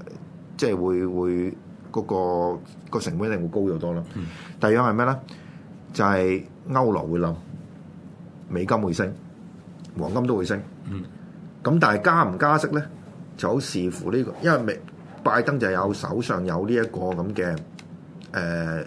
即係會會嗰、嗰個嗰個成本一定會高咗多咯。啊嗯、第二樣係咩咧？就係、係、歐羅會冧，美金會升。黃金都會升，咁但係加唔加息咧，就好視乎呢個，因為美拜登就有手上有呢一個咁嘅誒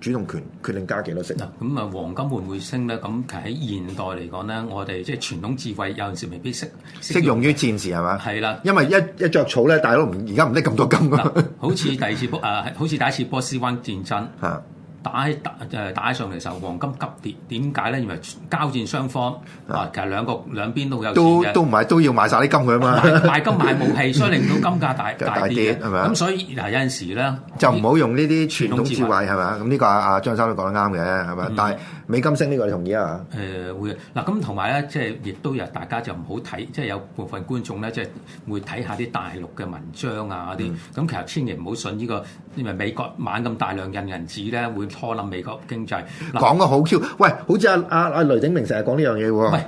主動權決定加幾多息。咁啊，黃金會唔會升咧？咁其實喺現代嚟講咧，我哋即係傳統智慧有時未必適用適用於戰時係嘛？係啦，的因為一一著草咧，大佬唔而家唔拎咁多金㗎。好似第二次波、 (laughs) 啊、好似第一次波斯灣戰爭啊。打喺打打上嚟時候，黃金急跌，點解咧？因為交戰雙方啊，其實兩個兩邊都好有錢嘅，都都唔係都要買晒啲金佢啊嘛，買 (laughs) 金買武器，所以令到金價大大跌，係咪咁？所以嗱吧有陣時咧，就唔好用呢啲傳統智慧係咪啊？咁呢個阿阿張三都講得啱嘅係咪啊？嗯、但美金升呢、呢個你同意啊？誒、嗯、會嗱，咁同埋咧，即係亦都有大家就唔好睇，即係有部分觀眾咧，即係會睇下啲大陸嘅文章啊嗰啲。咁、嗯、其實千祈唔好信呢、呢個，因為美國猛咁大量印銀紙咧，會拖冧美國經濟。講得好 Q，呃、喂，好似阿阿雷鼎鳴成日講呢樣嘢喎。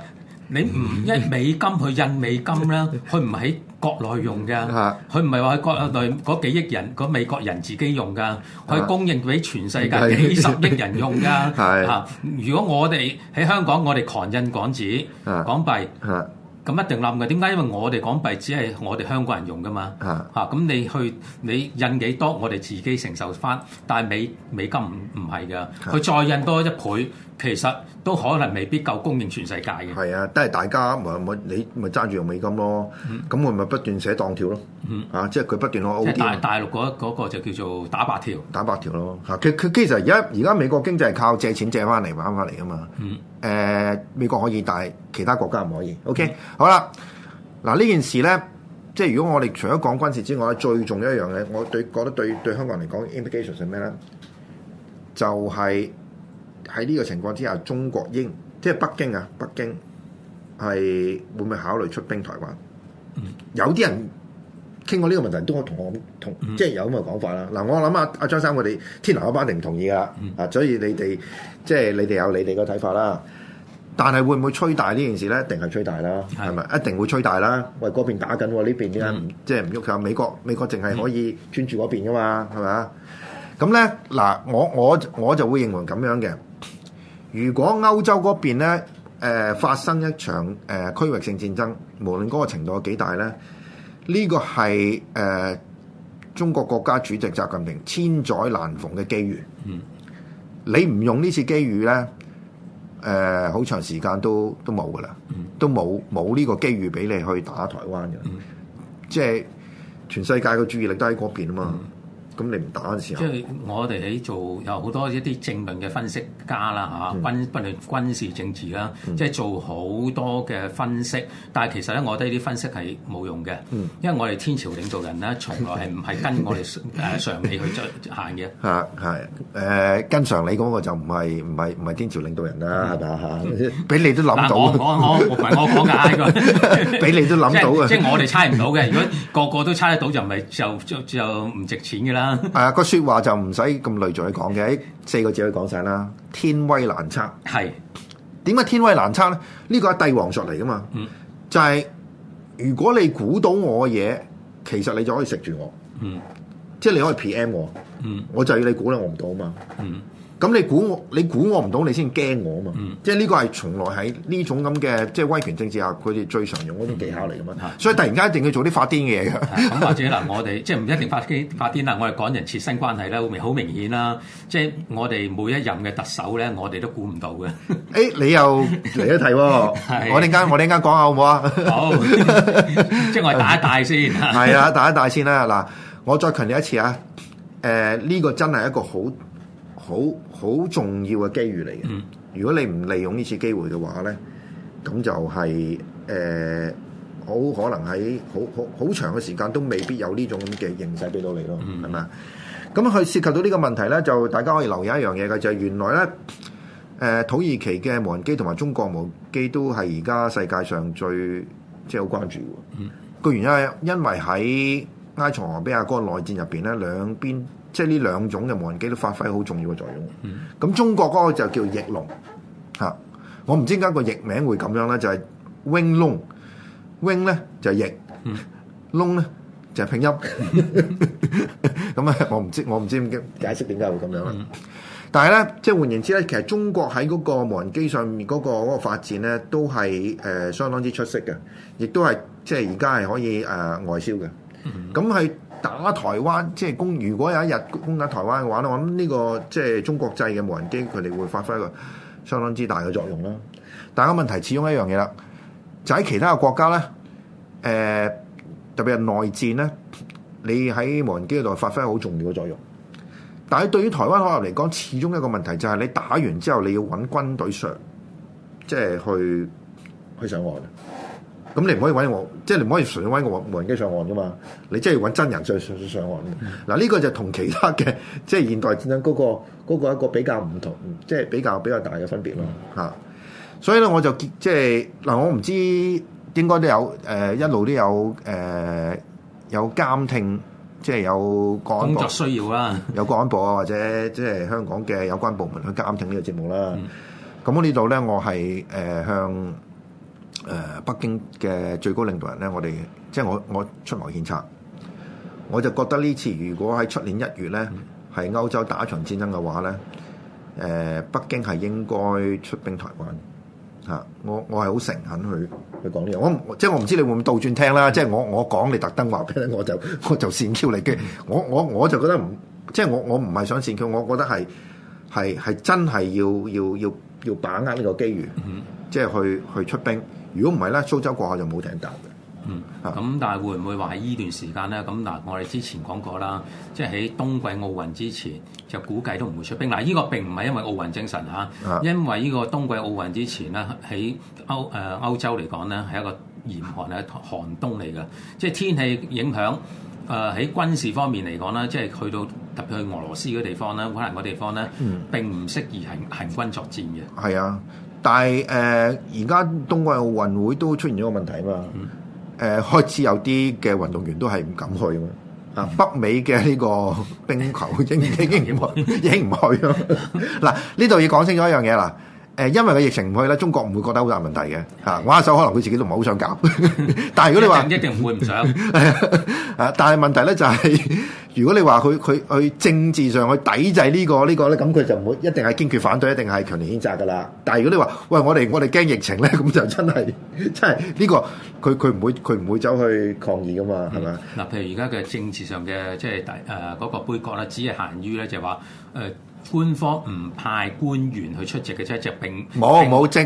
你唔因為美金去印美金咧，佢唔係。國內用嘅，佢唔係話喺國內嗰、嗯、幾億人、嗰美國人自己用噶，佢的供應俾全世界幾十億人用噶。嚇的、啊！如果我哋喺香港，我哋狂印港紙、港幣。的咁一定冧嘅，點解？因為我哋港幣只係我哋香港人用噶嘛，嚇咁、啊啊、你去你印幾多，我哋自己承受翻。但係美美金唔唔係㗎，佢、啊、再印多一倍，其實都可能未必夠供應全世界嘅。係啊，都係大家咪咪你咪揸住用美金咯，咁我咪不斷寫檔條咯，啊，嗯、即係佢不斷攞 O。大大陸嗰、嗰個嗰個就叫做打白條，打白條咯。嚇佢佢其實而家而家美國經濟係靠借錢借翻嚟玩翻嚟㗎嘛。嗯誒、呃、美國可以，但係其他國家唔可以。OK，、嗯、好啦，嗱呢件事咧，即係如果我哋除咗講軍事之外，最重要一樣嘢，我對我覺得對對香港人嚟講，implications 係咩咧？就係喺呢個情況之下，中國應，即係北京啊，北京係會唔會考慮出兵台灣？嗯、有啲人。傾過呢個問題，都我同我，同，即係有咁嘅講法啦。嗱、嗯，我諗阿阿張生，我哋天南，嗰班定唔同意噶？嗯、啊，所以你哋即係你哋有你哋個睇法啦。但係會唔會吹大呢件事咧？一定係吹大啦，係咪？一定會吹大啦。喂，嗰邊打緊，呢邊點解唔即係唔喐嘅？美國美國淨係可以專注嗰邊噶嘛，係咪啊？咁咧嗱，我我我就會認為咁樣嘅。如果歐洲嗰邊咧，誒、呃、發生一場誒、呃呃、區域性戰爭，無論嗰個程度有幾大咧？呢個係誒、呃、中國國家主席習近平千載難逢嘅機遇。嗯，你唔用次機呢次機遇咧，誒、呃、好長時間都都冇噶啦，都冇冇呢個機遇俾你去打台灣嘅，嗯、即係全世界嘅注意力都喺嗰邊啊嘛。嗯嗯咁你唔打嗰陣時啊？即係我哋喺做有好多一啲政論嘅分析家啦嚇、啊，軍不論軍事政治啦、啊，即係做好多嘅分析。但係其實咧，我覺得呢啲分析係冇用嘅，因為我哋天朝領導人咧，從來係唔係跟我哋誒常理去進行嘅。係係跟常理嗰個就唔係唔係唔係天朝領導人啦，係咪、嗯、啊？嚇，俾 (laughs) (laughs) 你都諗到即。我我我唔係我講㗎，俾你都諗到嘅，即即我哋猜唔到嘅。如果個個都猜得到，就唔係就就唔值錢嘅啦。係啊， (laughs) uh, 個說話就唔使咁累贅講嘅，四個字都可以講晒啦。天威難測係，點解是天威難測咧？呢、這個係帝王術嚟噶嘛？嗯，就係如果你估到我嘅嘢，其實你就可以食住我，嗯，即係你可以 PM 我，嗯，我就要你估到我唔到嘛，嗯。咁你估我你估我唔到你先驚我啊嘛，即係呢個係從來喺呢種咁嘅即係威權政治下佢哋最常用嗰種技巧嚟嘅㗎嘛，所以突然間一定要做啲發癲嘅嘢㗎。咁或者嗱，我哋即係唔一定發癲發癲啦，我哋港人切身關係啦，好明好明顯啦。即係我哋每一任嘅特首咧，我哋都估唔到嘅。誒，你又嚟一題喎？我陣間我陣間講下好唔好啊？好，即係我哋打一帶先。係啊，打一帶先啦。嗱，我再強調一次啊。誒，呢個真係一個好好好重要嘅機遇嚟嘅，如果你唔利用呢次機會嘅話咧，咁就係誒好可能喺好好好長嘅時間都未必有呢種咁嘅形勢俾到你咯，係咪啊？咁去涉及到呢個問題咧，就大家可以留意一樣嘢嘅，就係、是、原來咧，誒、呃、土耳其嘅無人機同埋中國無人機都係而家世界上最即係好關注嘅。個、嗯、原因係因為喺埃塞俄比亞嗰個內戰入邊咧，兩邊。即係呢兩種嘅無人機都發揮好重要嘅作用。咁中國嗰個就叫翼龍嚇，我唔知點解個譯名會咁樣咧，就係 wing long，wing 咧就係翼，long 咧就係拼音。咁啊，我唔知我唔知點解解釋點解會咁樣啦。但係咧，即係換言之咧，其實中國喺嗰個無人機上面嗰個嗰個發展咧，都係誒相當之出色嘅，亦都係即係而家係可以誒外銷嘅。咁係。打台灣即係攻，如果有一日攻打台灣嘅話咧，我諗呢、呢個即係中國製嘅無人機，佢哋會發揮一個相當之大嘅作用咯。但係個問題始終一樣嘢啦，就喺其他嘅國家咧，誒、呃、特別係內戰咧，你喺無人機度發揮好重要嘅作用。但係對於台灣可能嚟講，始終一個問題就係你打完之後，你要揾軍隊 ir, 上，即係去去上岸。咁你唔可以揾我，即、就、係、是、你唔可以純粹揾個無人機上岸噶嘛？你即係揾真人上上上岸。嗱，呢個就同其他嘅即係現代戰爭嗰、那個那個一個比較唔同，即係比較比較大嘅分別咯。嚇、嗯！所以咧，我就即係嗱，我唔知應該都有誒、呃，一路都有誒、呃、有監聽，即係有幹工作需要啦、啊， (laughs) 有國安部啊，或者即係香港嘅有關部門去監聽呢個節目啦。咁我、嗯、呢度咧，我係誒、呃、向。誒、呃，北京嘅最高領導人咧，我哋即係我我出謀獻策，我就覺得呢次如果喺出年一月咧，喺歐洲打一場戰爭嘅話咧，誒、呃，北京係應該出兵台灣嚇。我我係好誠懇去去講呢樣嘢，我即係我唔知你會唔會倒轉聽啦。即係我我講你特登話俾，我就我就閃超你嘅。我我我就覺得唔，即係我我唔係想閃超，我覺得係係係真係要要要。要要要把握呢個機遇，即係去去出兵。如果唔係咧，蘇州過後就冇艇搭嘅。嗯，咁但係會唔會話係呢段時間咧？咁嗱，我哋之前講過啦，即係喺冬季奧運之前就估計都唔會出兵。嗱，呢個並唔係因為奧運精神嚇，因為呢個冬季奧運之前咧，喺歐誒、呃、歐洲嚟講咧，係一個嚴寒係寒冬嚟嘅，即係天氣影響。誒喺、呃、軍事方面嚟講咧，即係去到特別去俄羅斯嗰地方咧，烏克蘭嗰地方咧，並唔適宜行行軍作戰嘅。係、嗯、啊，但係誒而家冬季奧運會都出現咗個問題啊嘛。誒、呃、開始有啲嘅運動員都係唔敢去啊。嗯、北美嘅呢個冰球已經已經唔去，已經唔去咯。嗱， (laughs) 呢度 (laughs) 要講清楚一樣嘢啦。誒，因為個疫情唔去咧，中國唔會覺得好大問題嘅嚇。馬修的、啊、可能佢自己都唔係好想搞， (laughs) 但係如果你話 (laughs) 一定唔會唔想， (laughs) 啊！但係問題咧就係、是，如果你話佢佢佢政治上去抵制呢、呢個呢、呢個咧，咁佢就唔會一定係堅決反對，一定係強烈譴責噶啦。但係如果你話喂，我哋我哋驚疫情咧，咁就真係真係呢、呢個佢佢唔會佢唔會走去抗議噶嘛，係咪啊？嗱，譬如而家嘅政治上嘅即係誒嗰個杯葛啦，只係限於咧就係話誒。呃呃呃官方唔派官員去出席嘅啫，即係冇冇即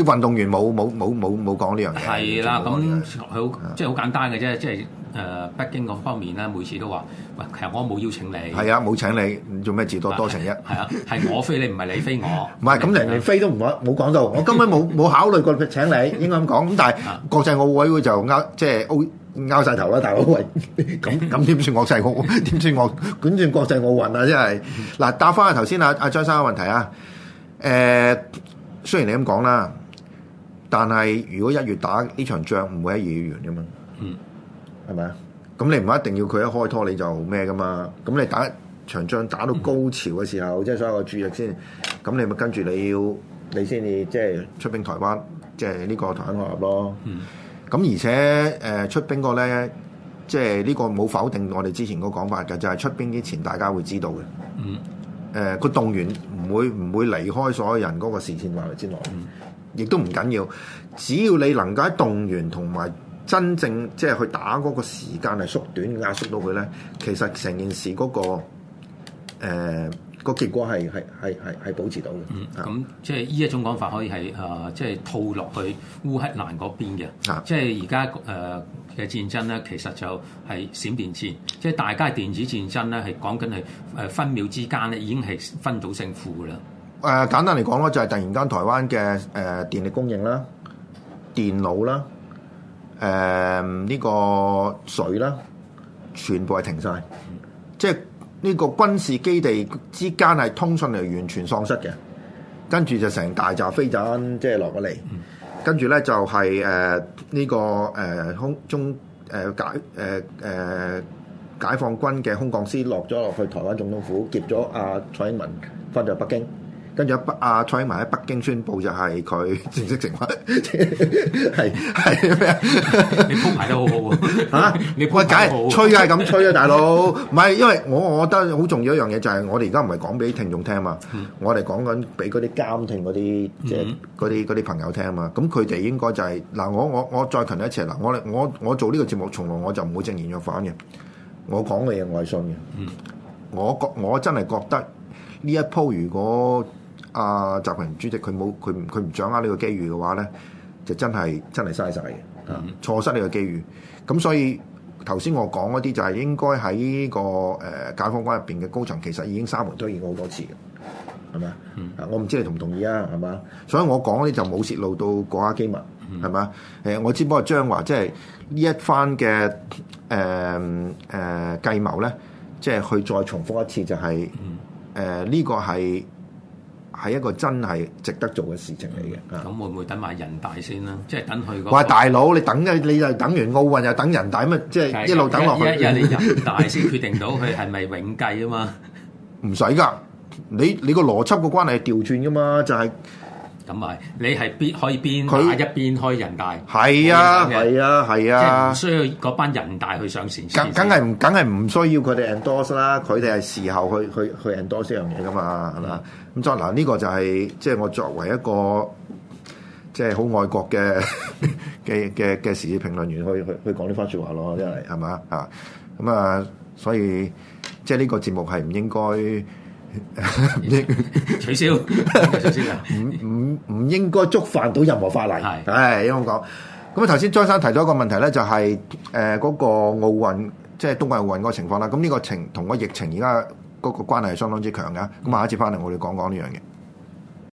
啲運動員冇冇冇冇冇講呢樣嘢。係啦，咁好那即係好簡單嘅啫，啊、即係誒、呃、北京嗰方面啦，每次都話，喂，其實我冇邀請你。係啊，冇請你，做咩自多多成一？係啊，係、啊、我飛你，唔係 (laughs) 你飛我。唔係咁，人連，連飛都唔講冇講到，我根本冇冇考慮過請你，應該咁講。咁但係國際奧委會就啱，即係 O。拗晒頭啦，大佬喂！咁咁點算國際？我點算我管轉國際奧運啊！真係嗱，答翻下頭先阿阿張生嘅問題啊。誒、呃，雖然你咁講啦，但係如果一月打呢場仗，唔會喺二月完嘅嘛。嗯，係咪啊？咁你唔一定要佢一開拖你就咩嘅嘛？咁你打場仗打到高潮嘅時候，嗯、即係所有嘅注意力先，咁你咪跟住你要你先至即係出兵台灣，即係呢個台灣合約咯。嗯。咁而且誒、呃、出兵個咧，即係呢個冇否定我哋之前嗰講法嘅，就係、是、出兵之前大家會知道嘅。嗯。誒、呃，個動員唔會唔會離開所有人嗰個視線範圍之內，亦、嗯、都唔緊要。只要你能夠喺動員同埋真正即係去打嗰個時間係縮短壓縮到佢咧，其實成件事嗰、那個、呃個結果係係係係係保持到嘅。嗯，咁即係呢一種講法可以係誒、呃，即係套落去烏克蘭嗰邊嘅。啊是的，即係而家誒嘅戰爭咧，其實就係閃電戰，即係大家電子戰爭咧，係講緊係誒分秒之間咧，已經係分到勝負㗎啦、呃。誒簡單嚟講咯，就係、係、突然間台灣嘅誒、呃、電力供應啦、電腦啦、誒、呃、呢、呢個水啦，全部係停晒。呢個軍事基地之間係通訊係完全喪失嘅，跟住就成大炸飛彈即係落咗嚟，跟住咧就係誒呢個誒空、呃、中誒、呃、解誒誒、呃、解放軍嘅空降師落咗落去台灣總統府，劫咗阿、啊、蔡英文翻到北京。跟住北阿蔡埋喺北京宣布就係佢正式成為，係係咩啊？你鋪排得好好喎嚇！你鬼解，吹係咁吹啊，大佬！唔係因為我，我覺得好重要一樣嘢就係我哋而家唔係講俾聽眾聽嘛，我哋講緊俾嗰啲監聽嗰啲即係嗰啲嗰啲朋友聽嘛。咁佢哋應該就係嗱，我我我再強調一次啦，我我我做呢個節目從來我就唔會正言若反嘅，我講嘅嘢我係信嘅。我覺我真係覺得呢一鋪如果阿、啊、習近平主席佢冇佢佢唔掌握呢個機遇嘅話咧，就真係真係嘥晒，嘅、啊，嗯、錯失呢個機遇。咁所以頭先我講嗰啲就係應該喺呢、這個誒解放軍入邊嘅高層其實已經三門都演過好多次嘅，係嘛、嗯啊？我唔知你同唔同意啊，係嘛？所以我講嗰啲就冇泄露到國家機密，係嘛？誒、呃，我只不過將話即係呢一番嘅誒誒計謀咧，即、就、係、是、去再重複一次、就是，就係誒呢個係。係一個真係值得做嘅事情嚟嘅。咁、嗯、是會唔會等埋人大先啦？即係等佢。話大佬，你等啊！你又等完奧運又等人大，咁啊，即係一路等落去。一日你人大先決定到佢係咪永繼啊嘛？唔使㗎，你你個邏輯個關係係調轉㗎嘛？就係、是。咁啊！你係邊可以邊打他一邊開人大？係啊！係啊！係啊！即係唔需要嗰班人大去上前。梗梗係唔梗係唔需要佢哋 endorse 啦、嗯，佢哋係事後去去去 endorse 呢樣嘢㗎嘛，係嘛？咁再嗱呢個就係即係我作為一個即係好愛國嘅嘅嘅嘅時事評論員去去去講呢番説話咯，真係係嘛啊？咁啊，所以即係呢個節目係唔應該。取消，取消啊！唔唔唔，應該觸犯到任何法例。係是，係，因為我講，咁啊頭先張生提咗一個問題咧，就係誒嗰個奧運，即係冬季奧運嗰個情況啦。咁呢個情同個疫情，而家嗰個關係係相當之強噶。咁下一次我講一次翻嚟，我哋講講呢樣嘢。